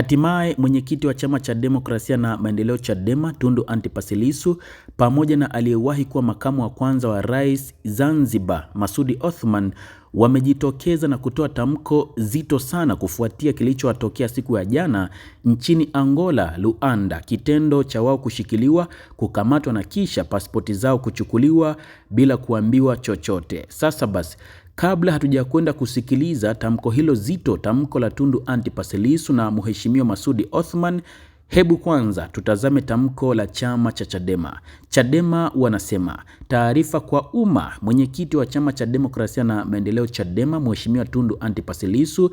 Hatimaye mwenyekiti wa chama cha demokrasia na maendeleo Chadema Tundu Antipas Lissu pamoja na aliyewahi kuwa makamu wa kwanza wa rais Zanzibar Masudi Othman wamejitokeza na kutoa tamko zito sana kufuatia kilichowatokea siku ya jana nchini Angola, Luanda, kitendo cha wao kushikiliwa, kukamatwa na kisha pasipoti zao kuchukuliwa bila kuambiwa chochote. Sasa basi, Kabla hatujakwenda kusikiliza tamko hilo zito, tamko la Tundu Antipas Lissu na Mheshimiwa Masudi Othman, hebu kwanza tutazame tamko la chama cha Chadema. Chadema wanasema taarifa kwa umma. Mwenyekiti wa chama cha demokrasia na maendeleo Chadema, Mheshimiwa Tundu Antipas Lissu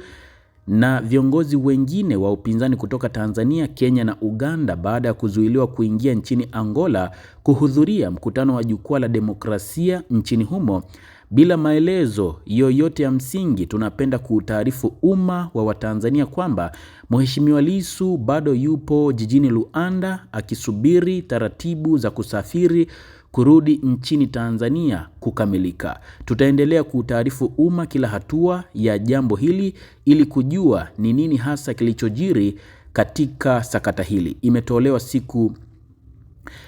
na viongozi wengine wa upinzani kutoka Tanzania, Kenya na Uganda baada ya kuzuiliwa kuingia nchini Angola kuhudhuria mkutano wa jukwaa la demokrasia nchini humo bila maelezo yoyote ya msingi, tunapenda kuutaarifu umma wa Watanzania kwamba Mheshimiwa Lissu bado yupo jijini Luanda akisubiri taratibu za kusafiri kurudi nchini Tanzania kukamilika. Tutaendelea kuutaarifu umma kila hatua ya jambo hili ili kujua ni nini hasa kilichojiri katika sakata hili. Imetolewa siku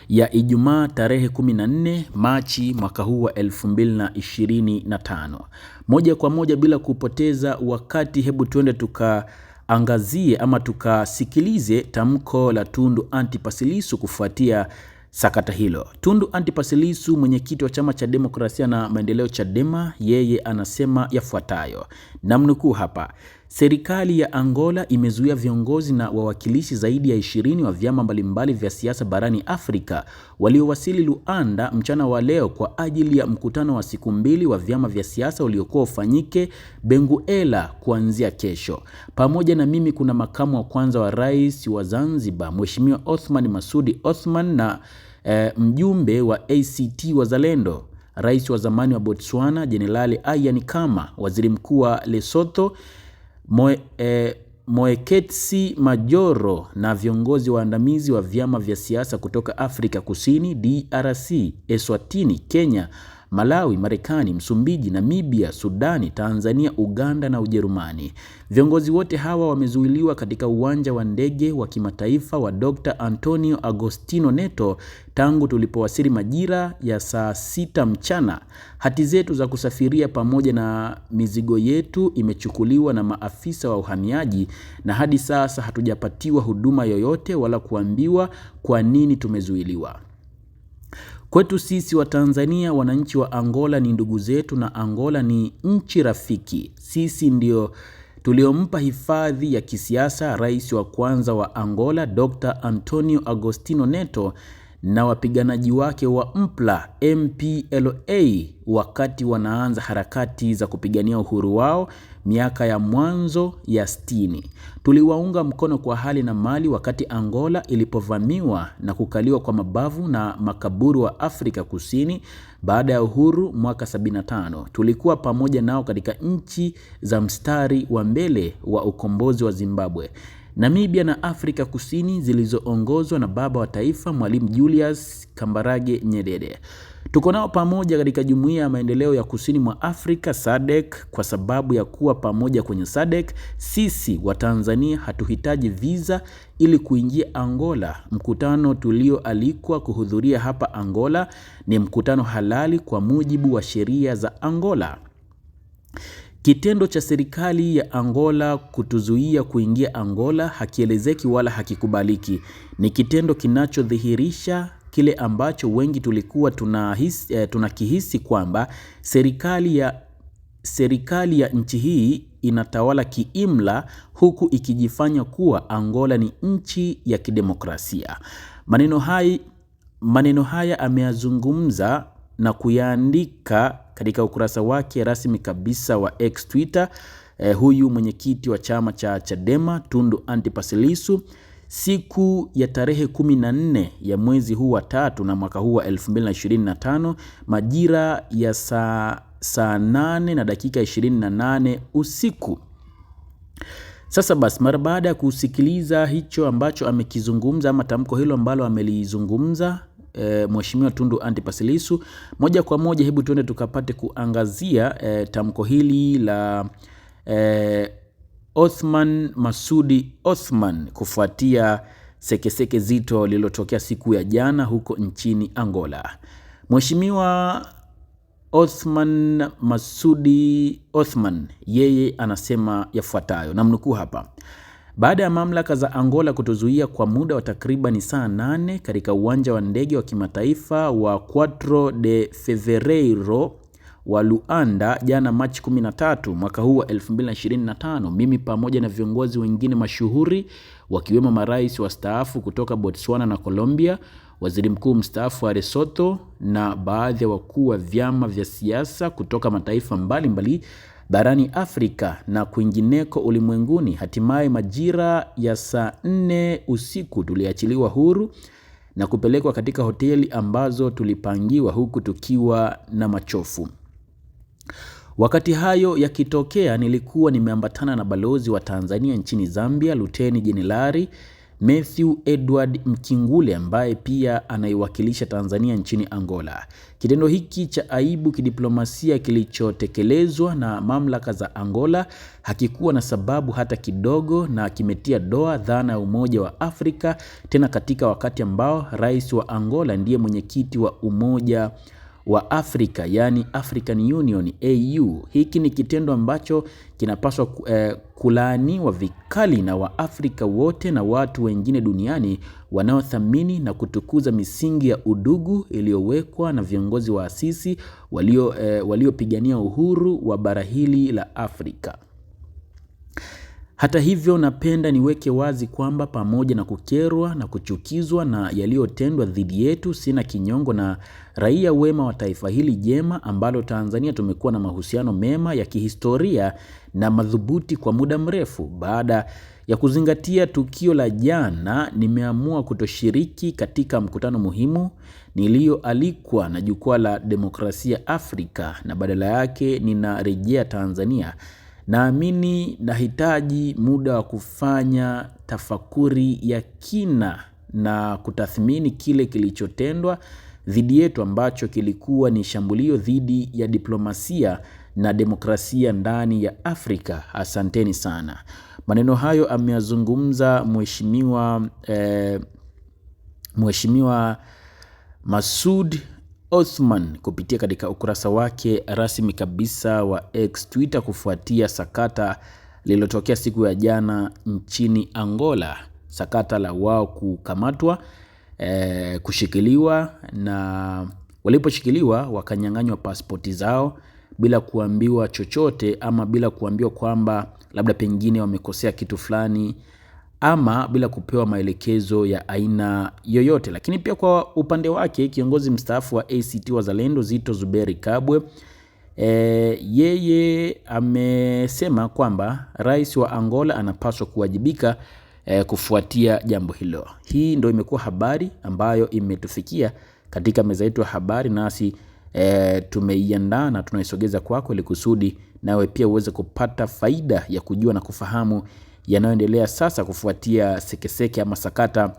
ya Ijumaa tarehe 14 Machi mwaka huu wa 2025. Moja kwa moja bila kupoteza wakati, hebu tuende tukaangazie ama tukasikilize tamko la Tundu Antipas Lissu kufuatia sakata hilo. Tundu Antipas Lissu, mwenyekiti wa chama cha demokrasia na maendeleo, Chadema, yeye anasema yafuatayo, namnukuu hapa: Serikali ya Angola imezuia viongozi na wawakilishi zaidi ya ishirini wa vyama mbalimbali vya siasa barani Afrika waliowasili Luanda mchana wa leo kwa ajili ya mkutano wa siku mbili wa vyama vya siasa uliokuwa ufanyike Benguela kuanzia kesho. Pamoja na mimi kuna makamu wa kwanza wa rais wa Zanzibar Mheshimiwa Othman Masudi Othman na eh, mjumbe wa ACT Wazalendo Rais wa zamani wa Botswana Jenerali Ian Khama, waziri mkuu wa Lesotho Moe, e, Moeketsi Majoro na viongozi waandamizi wa vyama vya siasa kutoka Afrika Kusini, DRC, Eswatini, Kenya Malawi, Marekani, Msumbiji, Namibia, Sudani, Tanzania, Uganda na Ujerumani. Viongozi wote hawa wamezuiliwa katika uwanja wa ndege wa kimataifa wa Dr. Antonio Agostino Neto tangu tulipowasili majira ya saa sita mchana. Hati zetu za kusafiria pamoja na mizigo yetu imechukuliwa na maafisa wa uhamiaji na hadi sasa hatujapatiwa huduma yoyote wala kuambiwa kwa nini tumezuiliwa. Kwetu sisi wa Tanzania, wananchi wa Angola ni ndugu zetu, na Angola ni nchi rafiki. Sisi ndio tuliompa hifadhi ya kisiasa rais wa kwanza wa Angola Dr. Antonio Agostino Neto na wapiganaji wake wa MPLA MPLA wakati wanaanza harakati za kupigania uhuru wao miaka ya mwanzo ya sitini. Tuliwaunga mkono kwa hali na mali wakati Angola ilipovamiwa na kukaliwa kwa mabavu na makaburu wa Afrika Kusini baada ya uhuru mwaka 75. Tulikuwa pamoja nao katika nchi za mstari wa mbele wa ukombozi wa Zimbabwe. Namibia na Afrika Kusini zilizoongozwa na baba wa taifa Mwalimu Julius Kambarage Nyerere. Tuko nao pamoja katika Jumuiya ya Maendeleo ya Kusini mwa Afrika SADC kwa sababu ya kuwa pamoja kwenye SADC sisi wa Tanzania hatuhitaji visa ili kuingia Angola. Mkutano tulioalikwa kuhudhuria hapa Angola ni mkutano halali kwa mujibu wa sheria za Angola. Kitendo cha serikali ya Angola kutuzuia kuingia Angola hakielezeki wala hakikubaliki. Ni kitendo kinachodhihirisha kile ambacho wengi tulikuwa tunahisi, eh, tunakihisi kwamba serikali ya serikali ya nchi hii inatawala kiimla huku ikijifanya kuwa Angola ni nchi ya kidemokrasia. Maneno hai, maneno haya ameyazungumza na kuyaandika katika ukurasa wake rasmi kabisa wa X Twitter. Eh, huyu mwenyekiti wa chama cha Chadema Tundu Antipas Lissu Siku ya tarehe kumi na nne ya mwezi huu wa tatu na mwaka huu wa 2025 majira ya saa saa nane na dakika 28 usiku. Sasa basi, mara baada ya kusikiliza hicho ambacho amekizungumza ama tamko hilo ambalo amelizungumza e, Mheshimiwa Tundu Antipas Lissu, moja kwa moja, hebu tuende tukapate kuangazia e, tamko hili la e, Othman Masudi Othman kufuatia sekeseke zito lililotokea siku ya jana huko nchini Angola. Mheshimiwa Othman Masudi Othman yeye anasema yafuatayo, namnukuu hapa: baada ya mamlaka za Angola kutuzuia kwa muda wa takribani saa nane katika uwanja wa ndege wa kimataifa wa Quatro de Fevereiro wa Luanda jana Machi 13 mwaka huu wa 2025, mimi pamoja na viongozi wengine mashuhuri wakiwemo marais wastaafu kutoka Botswana na Colombia, waziri mkuu mstaafu wa Lesotho na baadhi ya wakuu wa vyama vya siasa kutoka mataifa mbalimbali mbali barani Afrika na kwingineko ulimwenguni. Hatimaye majira ya saa nne usiku tuliachiliwa huru na kupelekwa katika hoteli ambazo tulipangiwa huku tukiwa na machofu. Wakati hayo yakitokea, nilikuwa nimeambatana na balozi wa Tanzania nchini Zambia, Luteni Jenerali Mathew Edward Mkingule ambaye pia anaiwakilisha Tanzania nchini Angola. Kitendo hiki cha aibu kidiplomasia kilichotekelezwa na mamlaka za Angola hakikuwa na sababu hata kidogo na kimetia doa dhana ya Umoja wa Afrika tena katika wakati ambao rais wa Angola ndiye mwenyekiti wa Umoja wa Afrika yani African Union AU. Hiki ni kitendo ambacho kinapaswa eh, kulaaniwa vikali na Waafrika wote na watu wengine duniani wanaothamini na kutukuza misingi ya udugu iliyowekwa na viongozi asisi walio eh, waliopigania uhuru wa bara hili la Afrika. Hata hivyo, napenda niweke wazi kwamba pamoja na kukerwa na kuchukizwa na yaliyotendwa dhidi yetu, sina kinyongo na raia wema wa taifa hili jema ambalo Tanzania tumekuwa na mahusiano mema ya kihistoria na madhubuti kwa muda mrefu. Baada ya kuzingatia tukio la jana, nimeamua kutoshiriki katika mkutano muhimu niliyoalikwa na Jukwaa la Demokrasia Afrika na badala yake ninarejea Tanzania. Naamini nahitaji muda wa kufanya tafakuri ya kina na kutathmini kile kilichotendwa dhidi yetu ambacho kilikuwa ni shambulio dhidi ya diplomasia na demokrasia ndani ya Afrika. Asanteni sana. Maneno hayo ameyazungumza mheshimiwa eh, Mheshimiwa Masud Othman kupitia katika ukurasa wake rasmi kabisa wa X Twitter kufuatia sakata lililotokea siku ya jana nchini Angola, sakata la wao kukamatwa e, kushikiliwa na waliposhikiliwa wakanyang'anywa pasipoti zao bila kuambiwa chochote ama bila kuambiwa kwamba labda pengine wamekosea kitu fulani ama bila kupewa maelekezo ya aina yoyote. Lakini pia kwa upande wake kiongozi mstaafu wa ACT Wazalendo Zito Zuberi Kabwe e, yeye amesema kwamba rais wa Angola anapaswa kuwajibika e, kufuatia jambo hilo. Hii ndio imekuwa habari ambayo imetufikia katika meza yetu ya habari, nasi e, tumeiandaa na tunaisogeza kwako ili kusudi nawe pia uweze kupata faida ya kujua na kufahamu yanayoendelea sasa kufuatia sekeseke ama sakata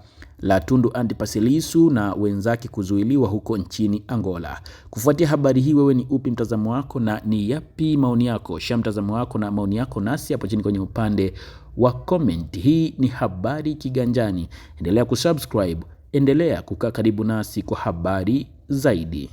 la Tundu Antipas Lissu na wenzake kuzuiliwa huko nchini Angola. Kufuatia habari hii, wewe ni upi mtazamo wako na ni yapi maoni yako? Sha mtazamo wako na maoni yako nasi hapo chini kwenye upande wa comment. Hii ni Habari Kiganjani, endelea kusubscribe, endelea kukaa karibu nasi kwa habari zaidi.